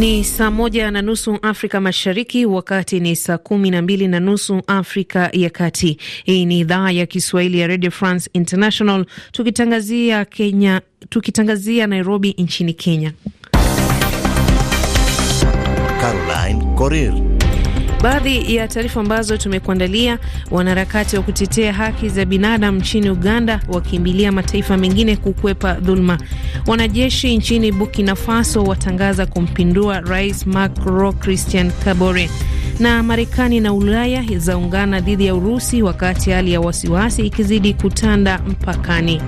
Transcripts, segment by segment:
Ni saa moja na nusu Afrika Mashariki, wakati ni saa kumi na mbili na nusu Afrika ya Kati. Hii ni idhaa ya Kiswahili ya Radio France International, tukitangazia Kenya, tukitangazia Nairobi nchini Kenya. Caroline Coril Baadhi ya taarifa ambazo tumekuandalia: wanaharakati wa kutetea haki za binadamu nchini Uganda wakimbilia mataifa mengine kukwepa dhuluma. Wanajeshi nchini Burkina Faso watangaza kumpindua Rais Marc Roch Christian Kabore na Marekani na Ulaya zaungana dhidi ya Urusi wakati hali ya wasiwasi ikizidi kutanda mpakani.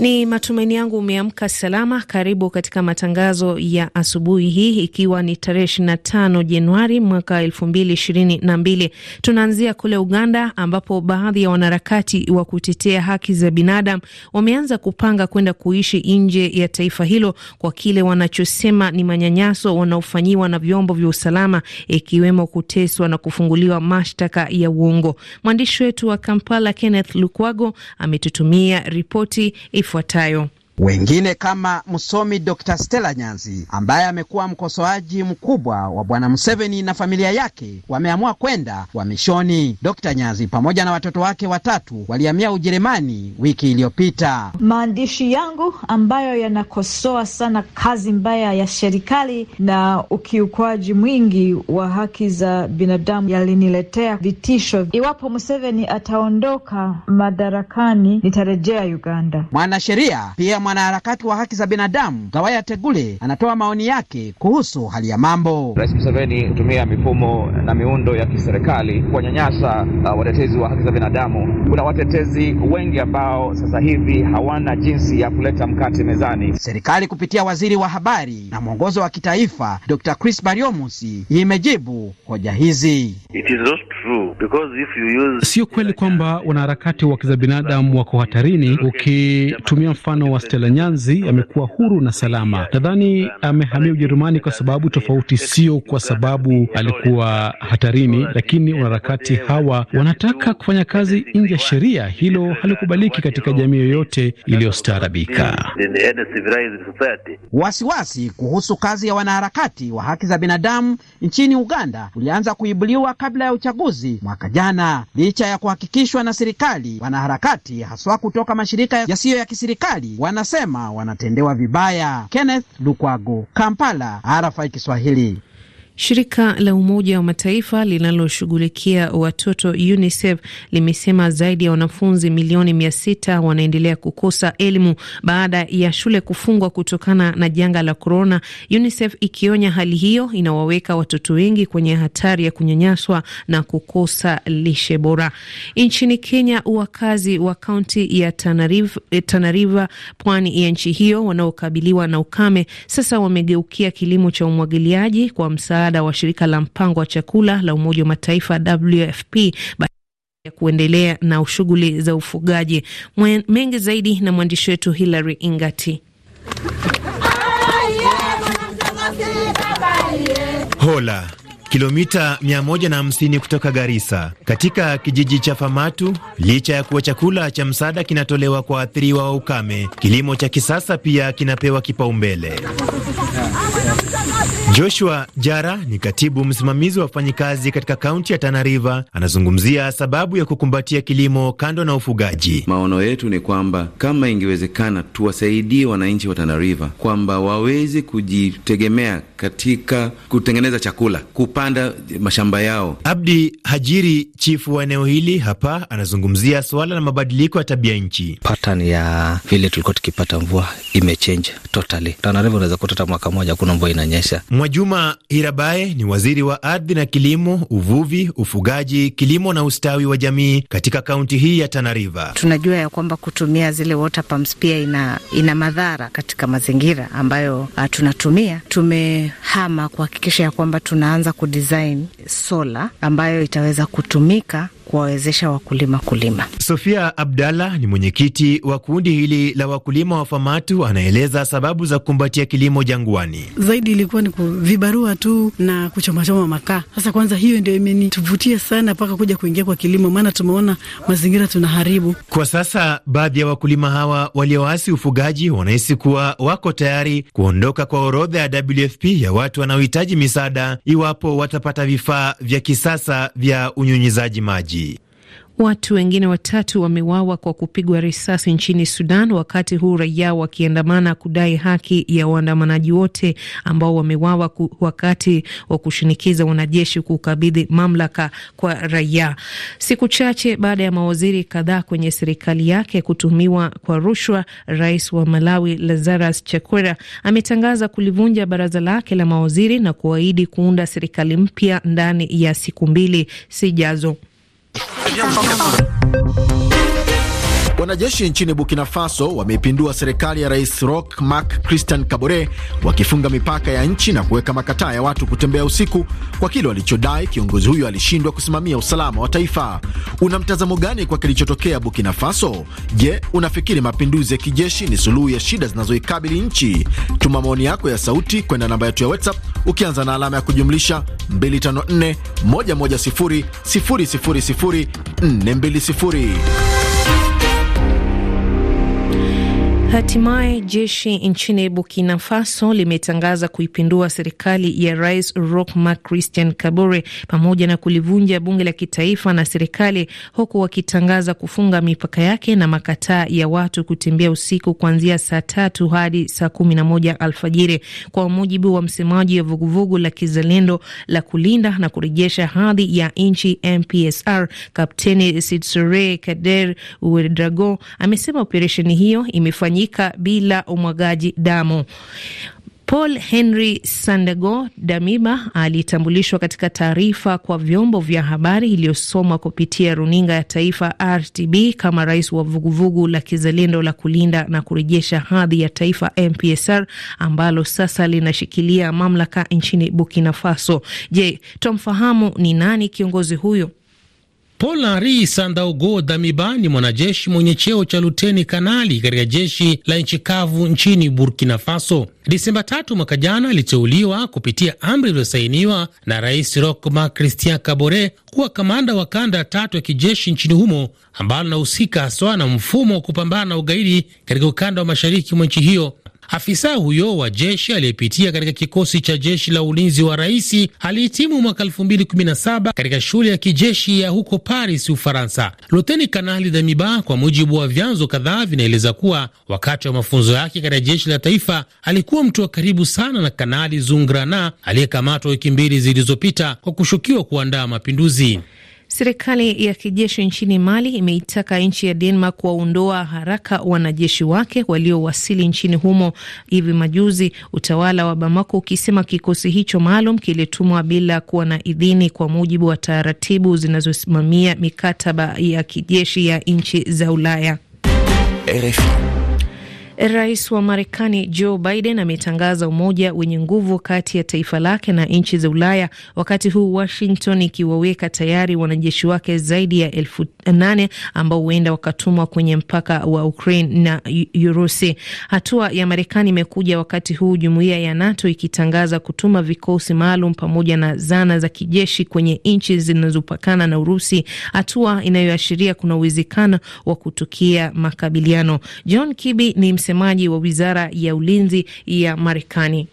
Ni matumaini yangu umeamka salama. Karibu katika matangazo ya asubuhi hii, ikiwa ni tarehe 25 Januari mwaka 2022. Tunaanzia kule Uganda ambapo baadhi ya wanaharakati wa kutetea haki za binadamu wameanza kupanga kwenda kuishi nje ya taifa hilo kwa kile wanachosema ni manyanyaso wanaofanyiwa na vyombo vya usalama, ikiwemo kuteswa na kufunguliwa mashtaka ya uongo. Mwandishi wetu wa Kampala Kenneth Lukwago ametutumia ripoti if ifuatayo. Wengine kama msomi Dr. Stella Nyanzi ambaye amekuwa mkosoaji mkubwa wa Bwana Museveni na familia yake wameamua kwenda wamishoni Dr. Nyanzi pamoja na watoto wake watatu walihamia Ujerumani wiki iliyopita. Maandishi yangu ambayo yanakosoa sana kazi mbaya ya serikali na ukiukwaji mwingi wa haki za binadamu yaliniletea vitisho. Iwapo Museveni ataondoka madarakani, nitarejea Uganda. Mwanasheria pia mwanaharakati wa haki za binadamu Gawaya Tegule anatoa maoni yake kuhusu hali ya mambo. Rais Museveni hutumia mifumo na miundo ya kiserikali kuwanyanyasa uh, watetezi wa haki za binadamu. Kuna watetezi wengi ambao sasa hivi hawana jinsi ya kuleta mkate mezani. Serikali kupitia waziri wa habari na mwongozo wa kitaifa Dr. Chris Bariomusi imejibu hoja hizi It is Sio kweli kwamba wanaharakati wa haki za binadamu wako hatarini. Ukitumia mfano wa Stella Nyanzi, amekuwa huru na salama. Nadhani amehamia Ujerumani kwa sababu tofauti, sio kwa sababu alikuwa hatarini. Lakini wanaharakati hawa wanataka kufanya kazi nje ya sheria, hilo halikubaliki katika jamii yoyote iliyostaarabika. Wasiwasi kuhusu kazi ya wanaharakati wa haki za binadamu nchini Uganda ulianza kuibuliwa kabla ya uchaguzi uchaguzi mwaka jana. Licha ya kuhakikishwa na serikali, wanaharakati haswa kutoka mashirika yasiyo ya kiserikali wanasema wanatendewa vibaya. Kenneth Lukwago, Kampala, RFI Kiswahili. Shirika la Umoja wa Mataifa linaloshughulikia watoto UNICEF limesema zaidi ya wanafunzi milioni mia sita wanaendelea kukosa elimu baada ya shule kufungwa kutokana na janga la korona, UNICEF ikionya hali hiyo inawaweka watoto wengi kwenye hatari ya kunyanyaswa na kukosa lishe bora. Nchini Kenya, wakazi wa kaunti ya Tana River, pwani ya nchi hiyo, wanaokabiliwa na ukame sasa wamegeukia kilimo cha umwagiliaji kwa msaada msaada wa shirika la mpango wa chakula la Umoja wa Mataifa WFP ya kuendelea na shughuli za ufugaji. Mengi zaidi na mwandishi wetu Hilary Ingati. Hola kilomita 150 kutoka Garissa katika kijiji cha Famatu. Licha ya kuwa chakula cha msaada kinatolewa kwa waathiriwa wa ukame, kilimo cha kisasa pia kinapewa kipaumbele. Joshua Jara ni katibu msimamizi wa wafanyikazi katika kaunti ya Tana River, anazungumzia sababu ya kukumbatia kilimo kando na ufugaji. Maono yetu ni kwamba kama ingewezekana tuwasaidie wananchi wa Tana River kwamba waweze kujitegemea katika kutengeneza chakula kupa kupanda mashamba yao. Abdi Hajiri, chifu wa eneo hili hapa, anazungumzia suala la mabadiliko ya tabia nchi. Pattern ya vile tulikuwa tukipata mvua imechange totally. Tanareva unaweza kuta hata mwaka moja hakuna mvua inanyesha. Mwajuma Hirabae ni waziri wa ardhi na kilimo, uvuvi, ufugaji, kilimo na ustawi wa jamii katika kaunti hii ya Tana River. Tunajua ya kwamba kutumia zile water pumps pia ina, ina madhara katika mazingira ambayo ah, tunatumia. Tumehama kuhakikisha ya kwamba tunaanza ku kudesign sola ambayo itaweza kutumika kuwawezesha wakulima kulima. Sofia Abdalla ni mwenyekiti wa kundi hili la wakulima wa Famatu, anaeleza sababu za kukumbatia kilimo jangwani. Zaidi ilikuwa ni vibarua tu na kuchomachoma makaa. Sasa kwanza, hiyo ndio imenituvutia sana mpaka kuja kuingia kwa kilimo, maana tumeona mazingira tunaharibu kwa sasa. Baadhi ya wakulima hawa walioasi ufugaji wanahisi kuwa wako tayari kuondoka kwa orodha ya WFP ya watu wanaohitaji misaada iwapo watapata vifaa vya kisasa vya unyunyizaji maji. Watu wengine watatu wameuawa kwa kupigwa risasi nchini Sudan, wakati huu raia wakiandamana kudai haki ya waandamanaji wote ambao wameuawa wakati wa kushinikiza wanajeshi kukabidhi mamlaka kwa raia. Siku chache baada ya mawaziri kadhaa kwenye serikali yake kutumiwa kwa rushwa, rais wa Malawi Lazarus Chakwera ametangaza kulivunja baraza lake la mawaziri na kuahidi kuunda serikali mpya ndani ya siku mbili sijazo. Bien, Wanajeshi nchini Burkina Faso wameipindua serikali ya Rais Roch Marc Christian Kabore, wakifunga mipaka ya nchi na kuweka makataa ya watu kutembea usiku kwa kile walichodai kiongozi huyo alishindwa kusimamia usalama wa taifa. Una mtazamo gani kwa kilichotokea Burkina Faso? Je, unafikiri mapinduzi ya kijeshi ni suluhu ya shida zinazoikabili nchi? Tuma maoni yako ya sauti kwenda namba yetu ya WhatsApp ukianza na alama ya kujumlisha 254 110 000 420. Hatimaye jeshi nchini Burkina Faso limetangaza kuipindua serikali ya Rais Roch Marc Christian Kabore pamoja na kulivunja bunge la kitaifa na serikali, huku wakitangaza kufunga mipaka yake na makataa ya watu kutembea usiku kuanzia saa tatu hadi saa kumi na moja alfajiri, kwa mujibu wa msemaji wa vuguvugu la kizalendo la kulinda na kurejesha hadhi ya nchi MPSR, Kapteni Sidsore Kader uedrago amesema operesheni hiyo imefanyika kufanyika bila umwagaji damu. Paul Henry Sandego Damiba alitambulishwa katika taarifa kwa vyombo vya habari iliyosomwa kupitia runinga ya taifa RTB kama rais wa vuguvugu la kizalendo la kulinda na kurejesha hadhi ya taifa MPSR ambalo sasa linashikilia mamlaka nchini Burkina Faso. Je, twamfahamu ni nani kiongozi huyo? Paul Henri Sandaogo Damiba ni mwanajeshi mwenye cheo cha luteni kanali katika jeshi la nchi kavu nchini Burkina Faso. Disemba tatu mwaka jana aliteuliwa kupitia amri iliyosainiwa na Rais Roch Marc Christian Kabore kuwa kamanda wa kanda ya tatu ya kijeshi nchini humo ambalo linahusika haswa na mfumo wa kupambana na ugaidi katika ukanda wa mashariki mwa nchi hiyo. Afisa huyo wa jeshi aliyepitia katika kikosi cha jeshi la ulinzi wa rais alihitimu mwaka 2017 katika shule ya kijeshi ya huko Paris, Ufaransa. Luteni Kanali Damiba, kwa mujibu wa vyanzo kadhaa, vinaeleza kuwa wakati wa mafunzo yake katika jeshi la taifa alikuwa mtu wa karibu sana na Kanali Zungrana aliyekamatwa wiki mbili zilizopita kwa kushukiwa kuandaa mapinduzi. Serikali ya kijeshi nchini Mali imeitaka nchi ya Denmark kuwaondoa haraka wanajeshi wake waliowasili nchini humo hivi majuzi, utawala wa Bamako ukisema kikosi hicho maalum kilitumwa bila kuwa na idhini kwa mujibu wa taratibu zinazosimamia mikataba ya kijeshi ya nchi za Ulaya. RFI. Rais wa Marekani Joe Biden ametangaza umoja wenye nguvu kati ya taifa lake na nchi za Ulaya, wakati huu Washington ikiwaweka tayari wanajeshi wake zaidi ya elfu nane ambao huenda wakatumwa kwenye mpaka wa Ukraine na Urusi. Hatua ya Marekani imekuja wakati huu jumuiya ya NATO ikitangaza kutuma vikosi maalum pamoja na zana za kijeshi kwenye nchi zinazopakana na Urusi, hatua inayoashiria kuna uwezekano wa kutukia makabiliano. John Kibi ni msemaji wa wizara ya ulinzi ya Marekani.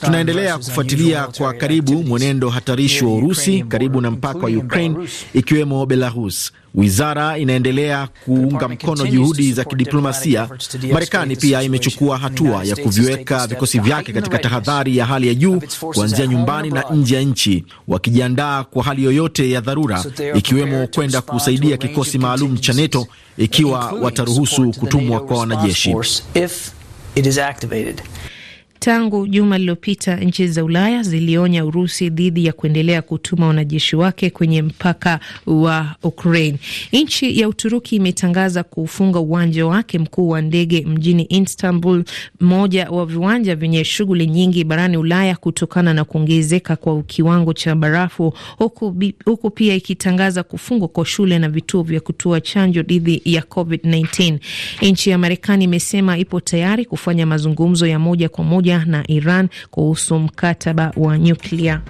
Tunaendelea kufuatilia kwa karibu mwenendo hatarishi wa Urusi karibu na mpaka wa Ukraine, ikiwemo Belarus. Wizara inaendelea kuunga mkono juhudi za kidiplomasia. Marekani pia imechukua hatua ya kuviweka vikosi vyake katika tahadhari ya hali ya juu kuanzia nyumbani na nje ya nchi, wakijiandaa kwa hali yoyote ya dharura, ikiwemo kwenda kusaidia kikosi maalum cha NATO ikiwa wataruhusu kutumwa kwa wanajeshi. Tangu juma lililopita nchi za Ulaya zilionya Urusi dhidi ya kuendelea kutuma wanajeshi wake kwenye mpaka wa Ukraine. Nchi ya Uturuki imetangaza kufunga uwanja wake mkuu wa ndege mjini Istanbul, mmoja wa viwanja vyenye shughuli nyingi barani Ulaya kutokana na kuongezeka kwa kiwango cha barafu, huku pia ikitangaza kufungwa kwa shule na vituo vya kutoa chanjo dhidi ya COVID-19. Nchi ya Marekani imesema ipo tayari kufanya mazungumzo ya moja kwa moja pamoja na Iran kuhusu mkataba wa nyuklia.